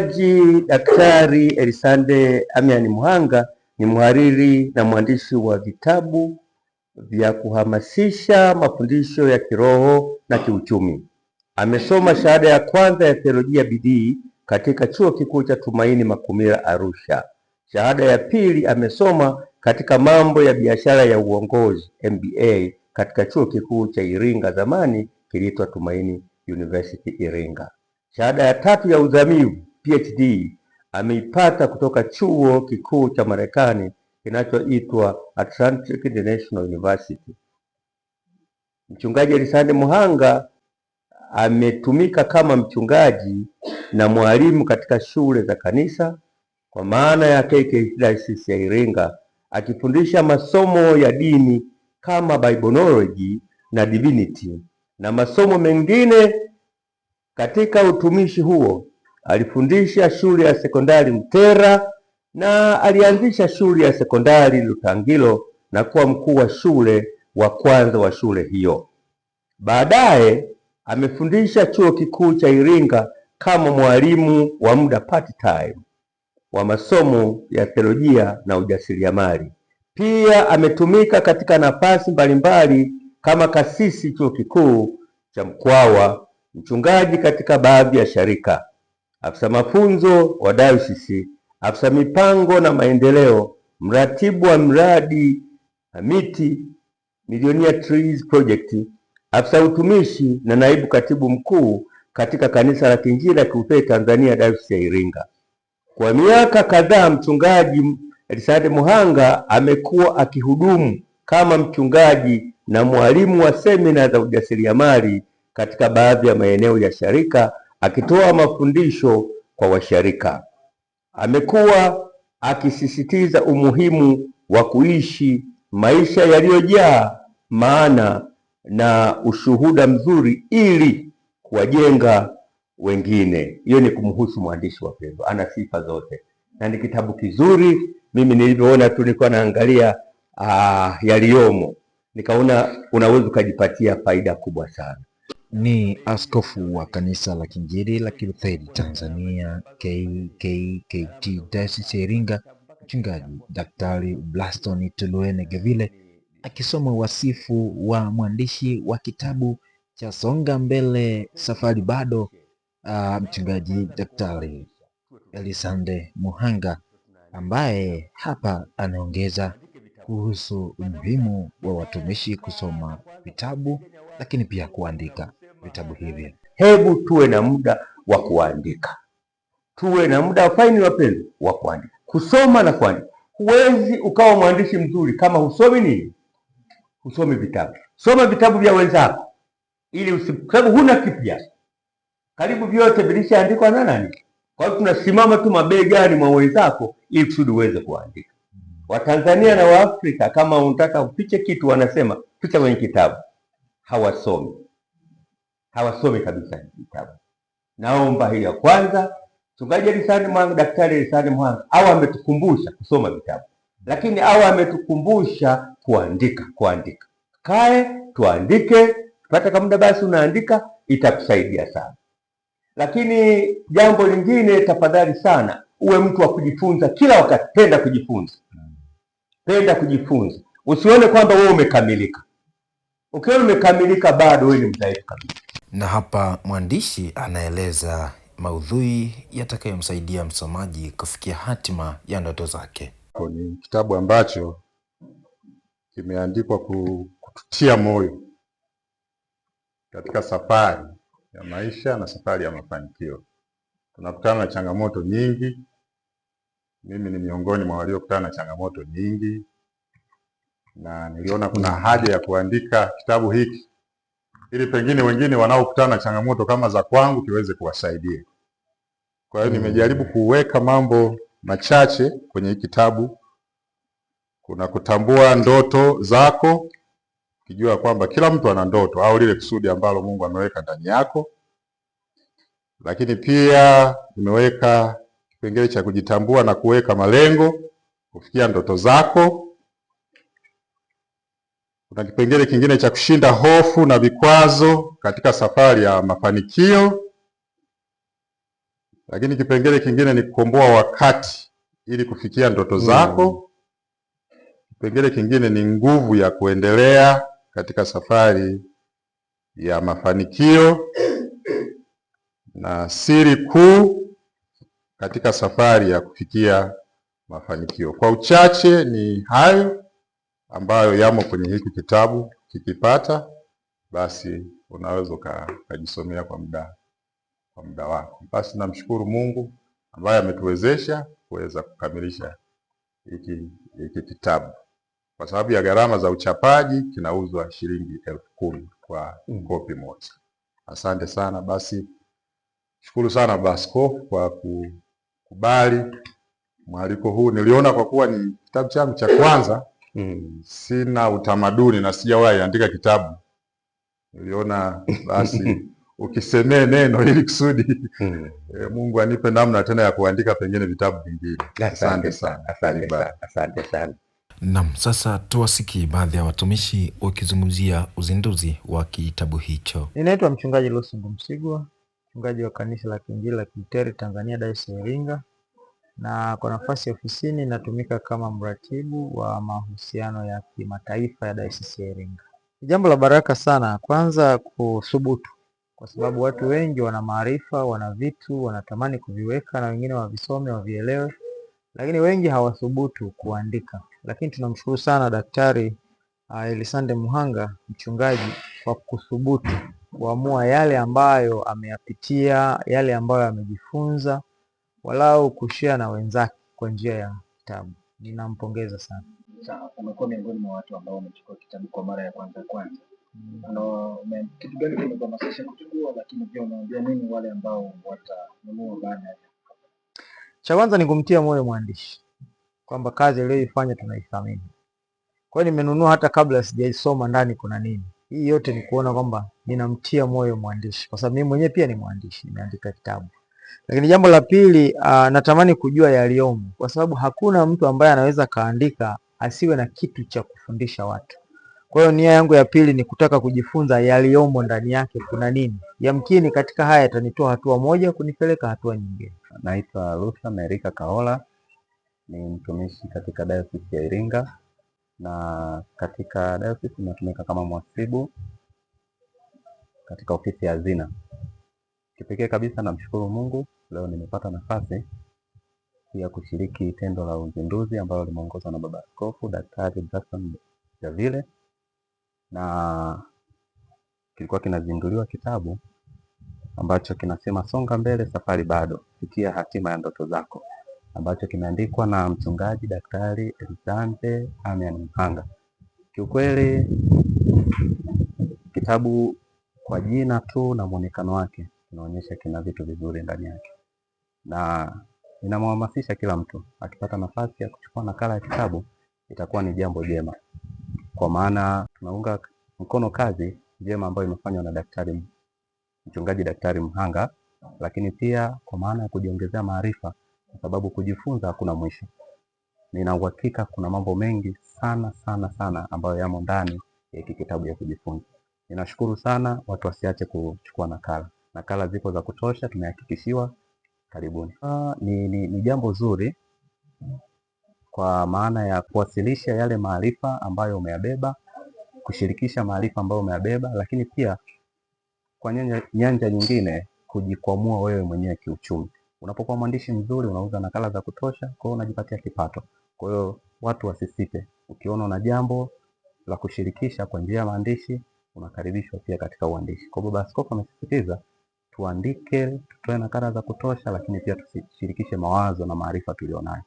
Jaji Daktari Elisande Amian Mhanga ni mhariri na mwandishi wa vitabu vya kuhamasisha mafundisho ya kiroho na kiuchumi. Amesoma shahada ya kwanza ya theolojia bidii katika Chuo Kikuu cha Tumaini Makumira Arusha. Shahada ya pili amesoma katika mambo ya biashara ya uongozi MBA katika Chuo Kikuu cha Iringa, zamani kiliitwa Tumaini University Iringa. Shahada ya tatu ya uzamivu PhD ameipata kutoka chuo kikuu cha Marekani kinachoitwa Atlantic International University. Mchungaji Elisande Muhanga ametumika kama mchungaji na mwalimu katika shule za kanisa kwa maana ya KKKICC ya Iringa, akifundisha masomo ya dini kama Bibleology na Divinity na masomo mengine katika utumishi huo Alifundisha shule ya sekondari Mtera na alianzisha shule ya sekondari Lutangilo na kuwa mkuu wa shule wa kwanza wa shule hiyo. Baadaye amefundisha chuo kikuu cha Iringa kama mwalimu wa muda part time wa masomo ya theolojia na ujasiriamali. Pia ametumika katika nafasi mbalimbali kama kasisi chuo kikuu cha Mkwawa, mchungaji katika baadhi ya sharika afisa mafunzo wa dayosisi, afisa mipango na maendeleo, mratibu wa mradi Hamiti Millionaire Trees Project, afisa utumishi na naibu katibu mkuu katika kanisa la Kiinjili la Kilutheri Tanzania Dayosisi ya Iringa. Kwa miaka kadhaa mchungaji Elisade Muhanga amekuwa akihudumu kama mchungaji na mwalimu wa semina za ujasiriamali katika baadhi ya maeneo ya sharika akitoa mafundisho kwa washirika. Amekuwa akisisitiza umuhimu wa kuishi maisha yaliyojaa maana na ushuhuda mzuri ili kuwajenga wengine. Hiyo ni kumhusu mwandishi wa Pendo, ana sifa zote na ni kitabu kizuri. Mimi nilivyoona tu, nilikuwa naangalia ah, yaliyomo, nikaona unaweza ukajipatia faida kubwa sana. Ni askofu wa kanisa la Kiinjili la Kilutheri Tanzania KKKT Dayosisi ya Iringa, Mchungaji Daktari Blaston Tuluene Gavile akisoma wasifu wa mwandishi wa kitabu cha Songa Mbele Safari Bado, uh, Mchungaji Daktari Elisande Muhanga ambaye hapa anaongeza kuhusu umuhimu wa watumishi kusoma vitabu, lakini pia kuandika vitabu hivi. Hebu tuwe na muda wa kuandika, tuwe na muda wa faini, wapenzi, wa kuandika, kusoma na kuandika. Huwezi ukawa mwandishi mzuri kama husomi nini? Husomi vitabu. Soma vitabu vya wenzako, ili kwa sababu huna kipya, karibu vyote vilishaandikwa na nani. Kwa hiyo tunasimama tu mabegani mwa wenzako, ili kusudi uweze kuandika. Watanzania na Waafrika, kama unataka ufiche kitu, wanasema ficha kwenye kitabu. Hawasomi, hawasomi kabisa kitabu. Naomba hiyo ya kwanza. Mchungaji Elisani Mwanga, Daktari Elisani Mwanga au ametukumbusha kusoma vitabu, lakini au ametukumbusha kuandika. Kuandika, kae tuandike, pata kama muda basi, unaandika itakusaidia sana. Lakini jambo lingine, tafadhali sana, uwe mtu wa kujifunza kila wakati, penda kujifunza penda kujifunza. Usione kwamba wewe umekamilika. ukiwa umekamilika, bado wewe ni mdhaifu kabisa. Na hapa mwandishi anaeleza maudhui yatakayomsaidia msomaji kufikia hatima ya ndoto zake. Ni kitabu ambacho kimeandikwa kututia moyo katika safari ya maisha na safari ya mafanikio. Tunakutana na changamoto nyingi mimi ni miongoni mwa waliokutana na changamoto nyingi, na niliona kuna haja ya kuandika kitabu hiki ili pengine wengine wanaokutana na changamoto kama za kwangu kiweze kuwasaidia. Kwa hiyo nimejaribu hmm. kuweka mambo machache kwenye kitabu. Kuna kutambua ndoto zako, ukijua kwamba kila mtu ana ndoto au lile kusudi ambalo Mungu ameweka ndani yako, lakini pia nimeweka kipengele cha kujitambua na kuweka malengo, kufikia ndoto zako. Kuna kipengele kingine cha kushinda hofu na vikwazo katika safari ya mafanikio. Lakini kipengele kingine ni kukomboa wakati ili kufikia ndoto hmm. zako. Hmm. Kipengele kingine ni nguvu ya kuendelea katika safari ya mafanikio, na siri kuu katika safari ya kufikia mafanikio. Kwa uchache ni hayo ambayo yamo kwenye hiki kitabu, kikipata basi unaweza ukajisomea kwa muda kwa muda wako. Basi namshukuru Mungu ambaye ametuwezesha kuweza kukamilisha hiki hiki kitabu. Kwa sababu ya gharama za uchapaji kinauzwa shilingi elfu kumi kwa mm. kopi moja. Asante sana basi, shukuru sana Basco kwa ku kubali mwaliko huu. Niliona kwa kuwa ni kitabu changu cha kwanza mm. sina utamaduni na sijawahi andika kitabu, niliona basi ukisemee neno ili kusudi mm. E, Mungu anipe namna tena ya kuandika pengine vitabu vingine. Asante sana, asante sana, asante sana. Naam, sasa tuwasikie baadhi ya watumishi wakizungumzia uzinduzi wa kitabu hicho. Ninaitwa Mchungaji Lusungu Msigwa, mchungaji wa kanisa la Kiinjili la Kilutheri Tanzania Dayosisi ya Iringa, na kwa nafasi ya ofisini inatumika kama mratibu wa mahusiano ya kimataifa ya Dayosisi ya Iringa. Ni jambo la baraka sana kwanza kuthubutu, kwa sababu watu wengi wana maarifa, wana vitu wanatamani kuviweka, na wengine wavisome, wavielewe, lakini wengi hawathubutu kuandika. Lakini tunamshukuru sana Daktari ah, Elisande Muhanga mchungaji kwa kuthubutu kuamua yale ambayo ameyapitia, yale ambayo amejifunza, walau kushea na wenzake kwa njia ya kitabu. Ninampongeza sana. Sawa, umekuwa miongoni mwa watu ambao wamechukua kitabu kwa mara ya kwanza kwanza. Mm. Kitu gani kimekuhamasisha kuchukua, lakini pia unaambia nini wale ambao watanunua baada ya? Cha kwanza ni kumtia moyo mwandishi kwamba kazi aliyoifanya tunaithamini. Kwa hiyo nimenunua hata kabla sijaisoma ndani kuna nini. Hii yote ni kuona kwamba ninamtia moyo mwandishi, kwa sababu mimi mwenyewe pia ni mwandishi, nimeandika kitabu. Lakini jambo la pili, uh, natamani kujua yaliyomo, kwa sababu hakuna mtu ambaye anaweza kaandika asiwe na kitu cha kufundisha watu. Kwa hiyo nia yangu ya pili ni kutaka kujifunza yaliyomo ndani yake, kuna nini. Yamkini katika haya yatanitoa hatua moja kunipeleka hatua nyingine. Naitwa Luther Merika Kaola, ni mtumishi katika Dayosisi ya Iringa na katika diocese inatumika kama mwasibu katika ofisi ya hazina. Kipekee kabisa namshukuru Mungu leo nimepata nafasi ya kushiriki tendo la uzinduzi ambalo limeongozwa na Baba Askofu Daktari Jackson Javile, na kilikuwa kinazinduliwa kitabu ambacho kinasema songa mbele, safari bado, fikia hatima ya ndoto zako ambacho kimeandikwa na mchungaji daktari Elisante Amian Mhanga. Kiukweli kitabu kwa jina tu na muonekano wake kinaonyesha kina vitu vizuri ndani yake, na inamhamasisha kila mtu akipata nafasi ya kuchukua nakala ya kitabu itakuwa ni jambo jema, kwa maana tunaunga mkono kazi jema ambayo imefanywa na daktari mchungaji daktari Mhanga, lakini pia kwa maana ya kujiongezea maarifa kwa sababu kujifunza hakuna mwisho. Nina uhakika kuna mambo mengi sana sana sana ambayo yamo ndani ya hiki kitabu ya kujifunza. Ninashukuru sana, watu wasiache kuchukua nakala. Nakala zipo za kutosha, tumehakikishiwa. Karibuni. Aa, ah, ni, ni, ni jambo zuri kwa maana ya kuwasilisha yale maarifa ambayo umeyabeba, kushirikisha maarifa ambayo umeyabeba, lakini pia kwa nyanja, nyanja nyingine kujikwamua wewe mwenyewe kiuchumi. Unapokuwa mwandishi mzuri, unauza nakala za kutosha, kwa hiyo unajipatia kipato. Kwa hiyo watu wasisite, ukiona na jambo la kushirikisha kwa njia ya maandishi, unakaribishwa pia katika uandishi. Kwa hiyo Baba Askofu amesisitiza tuandike, tutoe nakala za kutosha, lakini pia tushirikishe mawazo na maarifa tulionayo.